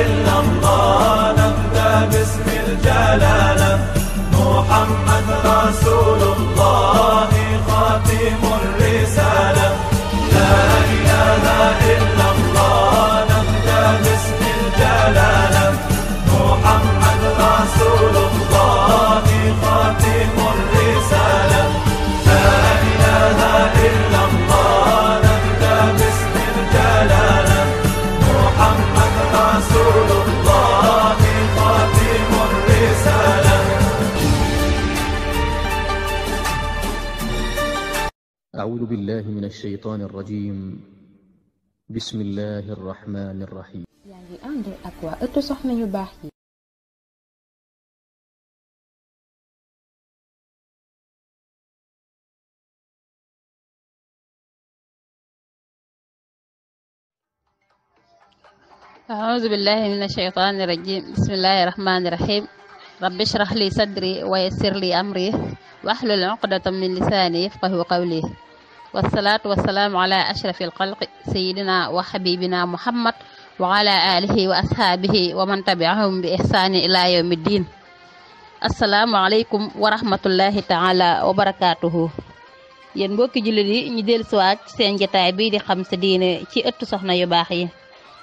illallah أعوذ بالله من الشيطان الرجيم بسم الله الرحمن الرحيم يعني ngi أقوى أتو waa يباحي أعوذ بالله من الشيطان الرجيم بسم الله الرحمن الرحيم رب اشرح لي صدري ويسر لي أمري واحلل عقدة من لساني يفقه قولي wasalaatu wasalaamu ala ashrafi alxalqi sayidina wa xabibina muhammad wa ala alihi wa ashaabihi wa man tabiahum bi ihsaani ila yawmi diin asalaamualeykum wa rahmatullahi taala wa barakaatuhu yéen mbokki jullit yi ñu dellusiwaat seen jataay bii di xam sa ci ëttu soxna yu baax yi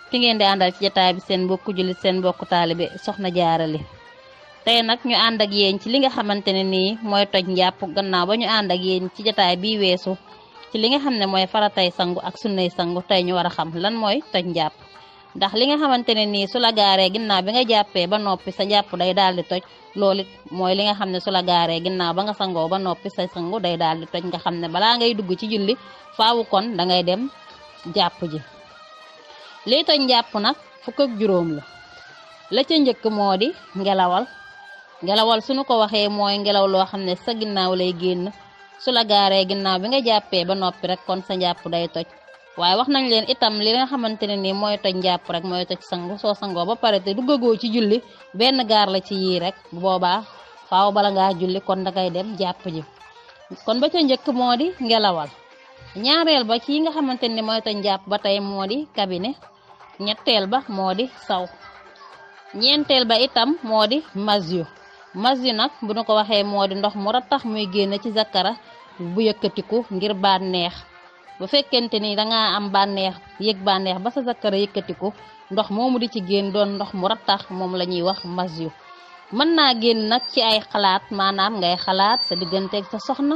ki ngeen di àndal ci jataay bi seen mbokku jullit seen mbokku taalibe soxna jaarali tey nag ñu ànd ak ci li nga xamante ne nii mooy toj njàpp gannaaw ba ñu ànd ak ci jataay bii weesu ci li nga xam ne mooy faratay sangu ak sunnay sangu tey ñu war a xam lan mooy toj njàpp ndax li nga xamante ne nii su la gaaree ginnaaw bi nga jàppee ba noppi sa jàpp day daal di toj loolu mooy li nga xam ne su la gaaree ginnaaw ba nga sangoo ba noppi sa sangu day daal di toj nga xam ne balaa ngay dugg ci julli faawu kon dangay dem jàpp ji liy toj njàpp nag fukk ak juróom la la njëkk moo di ngelawal ngelawal su nu ko waxee mooy ngelaw loo xam ne sa ginnaaw lay génn su la gaaree ginnaaw bi nga jàppee ba noppi rek kon sa njàpp day toj waaye wax nañ leen itam li nga xamante ne nii mooy toj njàpp rek mooy toj sangu soo sangoo ba pare te duggagoo ci julli benn gaar la ci yii rek bu boobaa faaw bala ngaa julli kon dangay dem jàpp ji kon ba ca njëkk moo di ngelawal ñaareel ba ci nga xamante ni mooy toj njàpp ba tey moo di kabine ñetteel ba moo di saw ñeenteel ba itam moo di masio masdi nag bu nu ko waxee moo di ndox mu rattax muy génn ci zakara bu yëkkatiku ngir bànneex bu fekkente ni dangaa am bànneex yëg bànneex ba sa zakara yëkkatiku ndox moomu di ci génn doon ndox mu rattax moom la ñuy wax masyu mën naa génn nag ci ay xalaat maanaam ngay xalaat sa digganteeg sa soxna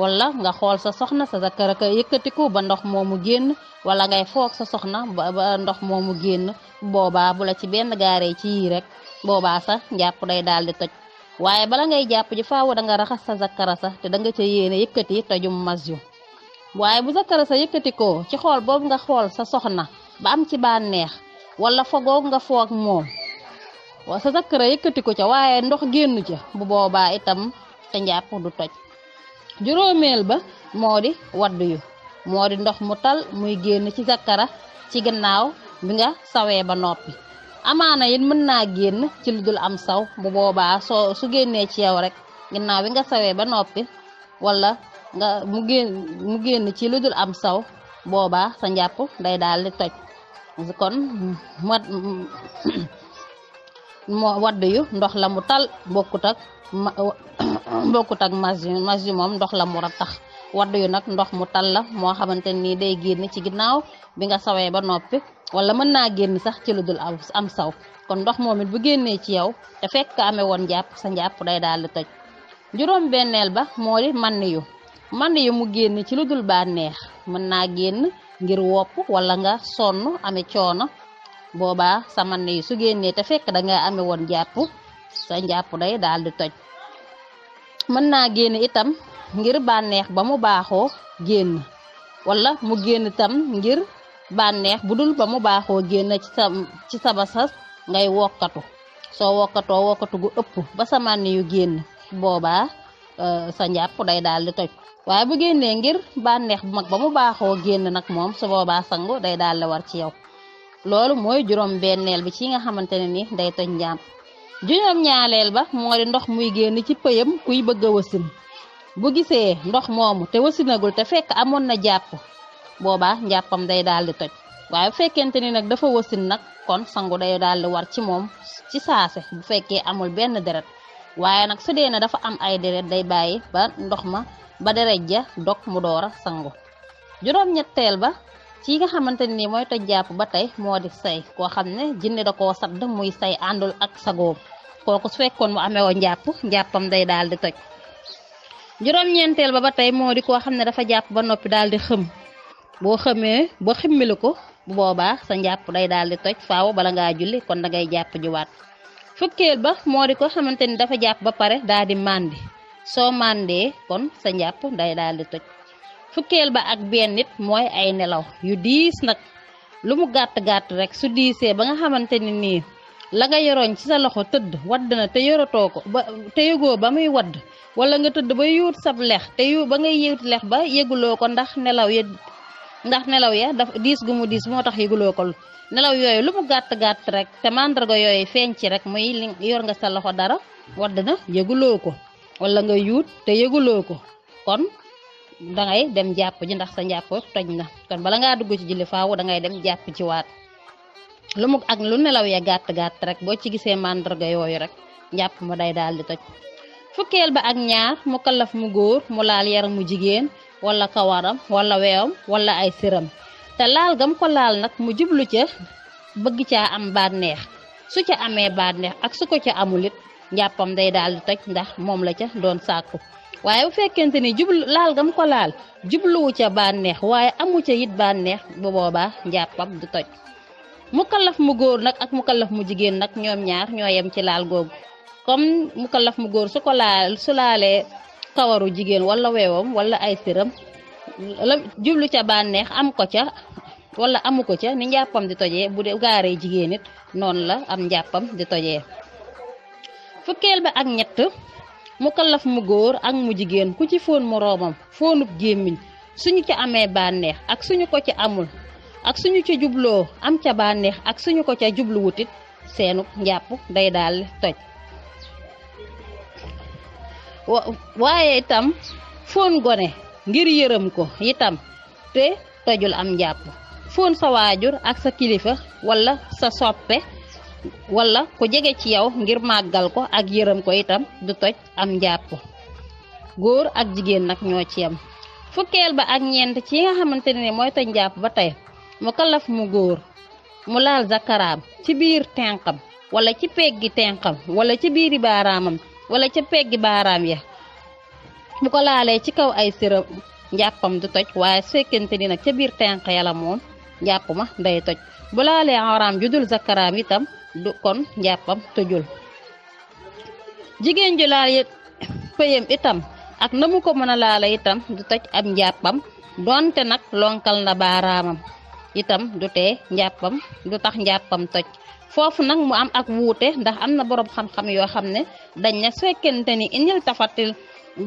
wala nga xool sa soxna sa zakara ka yëkkatiku ba ndox moomu génn wala ngay foog sa soxna ba ndox moomu génn boobaa bu la ci benn gaaree ci yii rek boobaa sa njàpp day daal di toj waaye bala ngay jàpp ji faaw danga raxas sa zakkara sa te da nga ca yéene yëkkati tajum mas yu waaye bu zakkara sa yëkkati ci xool boobu nga xool sa soxna ba am ci bànneex walla fogoo nga foog moom sa zakkara yëkkati ko ca waaye ndox génn ca bu boobaa itam te njàpp du toj juróomeel ba moo di waddu yu moo di ndox mu tal muy génn ci zakkara ci gannaaw bi nga sawee ba noppi amaana it mën naa génn ci lu am saw bu boobaa soo su génnee ci yaw rek ginnaaw bi nga sawee ba noppi wala nga mu génn génn ci lu am saw boobaa sa njàpp day daal di toj kon wat moo wadd ndox la mu tal bokkut ak bokkut mas yu moom ndox la mu rattax wadd yu nag ndox mu tal la moo xamante nii day génn ci ginnaaw bi nga sawee ba noppi wala mën naa génn sax ci lu dul aw am saw kon ndox moom it bu génnee ci yow te fekk amee woon jàpp sa njàpp day daal di toj juróom benneel ba moo di man yu man yu mu génn ci lu dul bànneex mën naa génn ngir wopp walla nga sonn amee coono boobaa sa man yu su génnee te fekk da ame woon jàpp sa njàpp day daal di toj mën naa génn itam ngir bànneex ba mu baaxoo génn wala mu génn tam ngir bànneex bu dul ba mu baaxoo génn ci sa ci sa ngay wokkatu soo wokkatoo wokkatu gu ëpp ba sa mànn yu génn boobaa euh, sa njàpp day daal di toj waaye bu génnee ngir bànneex bu mag ba mu baaxoo génn nag moom su boobaa sangu day daal war ci yow loolu mooy juróom benneel bi ci nga xamante ne ni day toj njàpp juróom ñaaleel ba moo di ndox muy génn ci pëyam kuy bëgg a wasin bu gisee ndox moomu te wasinagul te fekk amoon na jàpp boobaa njàppam day daal di toj waaye bu fekkente ni nag dafa wasin nag kon sangu day daal di war ci moom ci saase bu fekkee amul benn deret waaye nag su dee ne dafa am ay deret day bàyyi ba ndox ma ba deret ja dog mu door sangu juróom-ñetteel ba ci nga xamante ni mooy toj jàpp ba tey moo di say koo xam ne jinne da koo sadd muy say àndul ak sagoom kooku su fekkoon mu amee woon njàpp njàppam day daal di toj juróom-ñeenteel ba tey moo di koo xam ne dafa jàpp ba noppi daal di xëm boo xamee ba ximmili ko bu boobaa sa njàpp day daal di toj faaw bala ngaa julli kon da ngay jàpp juwaat fukkeel ba moo di ko xamante ni dafa jàpp ba pare daal di màndi soo màndee kon sa njàpp day daal di toj fukkeel ba ak benn nit mooy ay nelaw yu diis nag lu mu gàtt-gàtt rek su diisee ba nga xamante ni nii la nga yoroon ci sa loxo tëdd wadd na te yoratoo ko ba te yëgoo ba muy wadd wala nga tëdd ba yuut sab lex te yu ba ngay yuut lex ba yëguloo ko ndax nelaw ya ndax nelaw ya dafa diis gu mu diis moo tax yëguloo ko nelaw yooyu lu mu gàtt gàtt rek te màndarga yooyu feeñ ci rek muy li yor nga sa loxo dara wadd na yëguloo ko walla nga yuut te yéguloo ko kon dangay dem jàpp ji ndax sa njàpp toj na kon bala ngaa dugg ci julli faaw dangay dem jàpp ci waat lu mu ak lu nelaw ya gàtt gàtt rek boo ci gisee màndarga yooyu rek njàpp ma day daal di toj fukkeel ba ak ñaar mu kallaf mu góor mu laal yaram mu jigéen wala kawaram wala weewam wala ay siram te laal gam ko laal nag mu jublu ca bëgg caa am bànneex su ca amee bànneex ak su ko ca amul it njàppam day daal di toj ndax moom la ca doon saaku waaye bu fekkente ni jublu laal gam ko laal jubluwu ca bànneex waaye amu ca it bànneex bu boobaa njàppam di toj mukallaf mu góor nag ak mukallaf mu jigéen nag ñoom ñaar ñoo yem ci laal googu comme mukallaf mu góor su ko laal su laalee kawaru jigéen wala weewam walla ay siram la jublu ca bànneex am ko ca wala amu ko ca ni njàppam di tojee bu dee gaaree jigéen it noonu la am njàppam di tojee fukkeel ba ak ñett mu kalaf mu góor ak mu jigéen ku ci fóon moroomam fóonub gémmiñ suñu ca amee bànneex ak suñu ko ca amul ak suñu ca jubloo am ca bànneex ak suñu ko ca jubluwutit seenub njàpp day daal toj waaye itam foon gone ngir yërëm ko itam te tojul am njàpp foon sa waajur ak sa kilifa walla sa soppe wala ku jege ci yow ngir màggal ko ak yërëm ko itam du toj am njàpp góor ak jigéen nag ñoo ci yam fukkeel ba ak ñeent ci nga xamante ne mooy toj njàpp ba tey mu kalaf mu góor mu laal zakaraam ci biir tenqam wala ci peggi tenqam wala ci biiri baaraamam wala ca peggi baaraam ya bu ko laalee ci kaw ay sëram njàppam du toj waaye fekkente ni nag ca biir tenq yàlla moom njàpp ma day toj bu laalee xaraam ju dul zakaraam itam du kon njàppam tojul jigéen ju laal pëyam itam ak na mu ko mën a laale itam du toj ab njàppam donte nag lonkal na baaraamam itam du tee njàppam du tax njàppam toj foofu nag mu am ak wuute ndax am na boroom xam-xam yoo xam ne dañ na su fekkente ni indil tafatil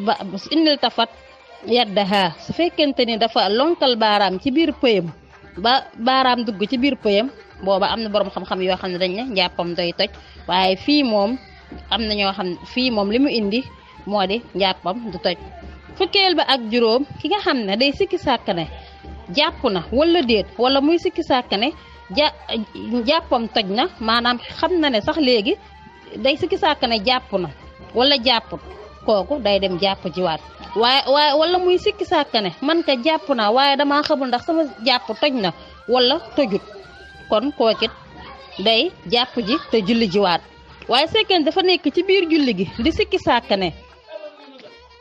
ba indil tafat yaddaha su fekkente ni dafa lonkal baaraam ci biir pëyam ba baaraam dugg ci biir pëyam booba am na borom xam yoo xam ne dañ ne njàppam doy toj waaye fii moom am na ñoo xam fii moom li mu indi moo di njàppam du toj fukkeel ba ak juróom ki nga xam ne day sikki sàkk ne jàpp na wala déet wala muy sikki sàkk ne ja jàppam toj na maanaam xam na ne sax léegi day sikki sàkkane jàpp na wala jàpput kooku day dem jàpp jiwaat waaye waaye wala muy sikki sàkkane man ka jàpp naa waaye dama xamul ndax sama jàpp toj na wala tojut kon kookit day jàpp ji te julli jiwaat waaye sekkeen dafa nekk ci biir julli gi di sikki sàkk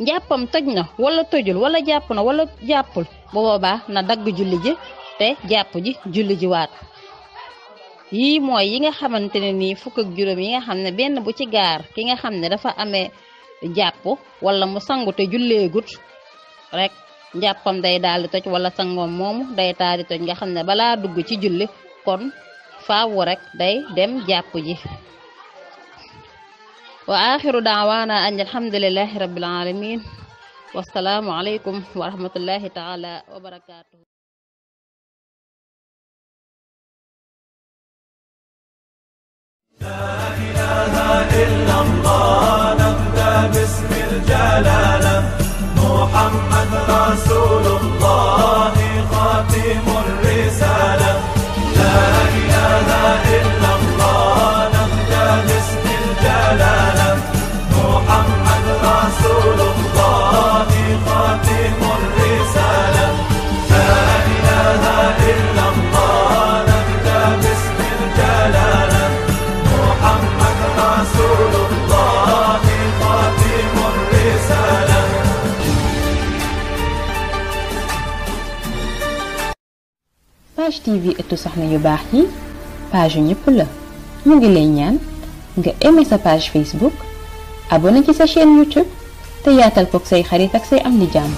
jàppam toj na wala tojul wala jàpp na wala jàppul bu boobaa na dagg julli ji te jàpp ji julli jiwaat yii mooy yi nga xamante ne nii fukk ak juróom yi nga xam ne benn bu ci gaar ki nga xam ne dafa amee jàpp walla mu sangu te gut rek njàppam day daal di toj wala sangoom moomu day taal di toj nga xam ne balaa dugg ci julli kon faawu rek day dem jàpp ji wa axiru daawaana an alhamdulilahi rabbil alamin wasalaamu aleykum wa rahmatullahi taala wa barakaatuhu لا إله إلا الله نبدأ باسم الجلالة محمد رسول الله Sage TV ëttu soxna yu baax yi page yu ñëpp la mu ngi lay ñaan nga aimé sa page Facebook abonné ci sa chaîne YouTube te yaatal koog say xarit ak say am di jàmm.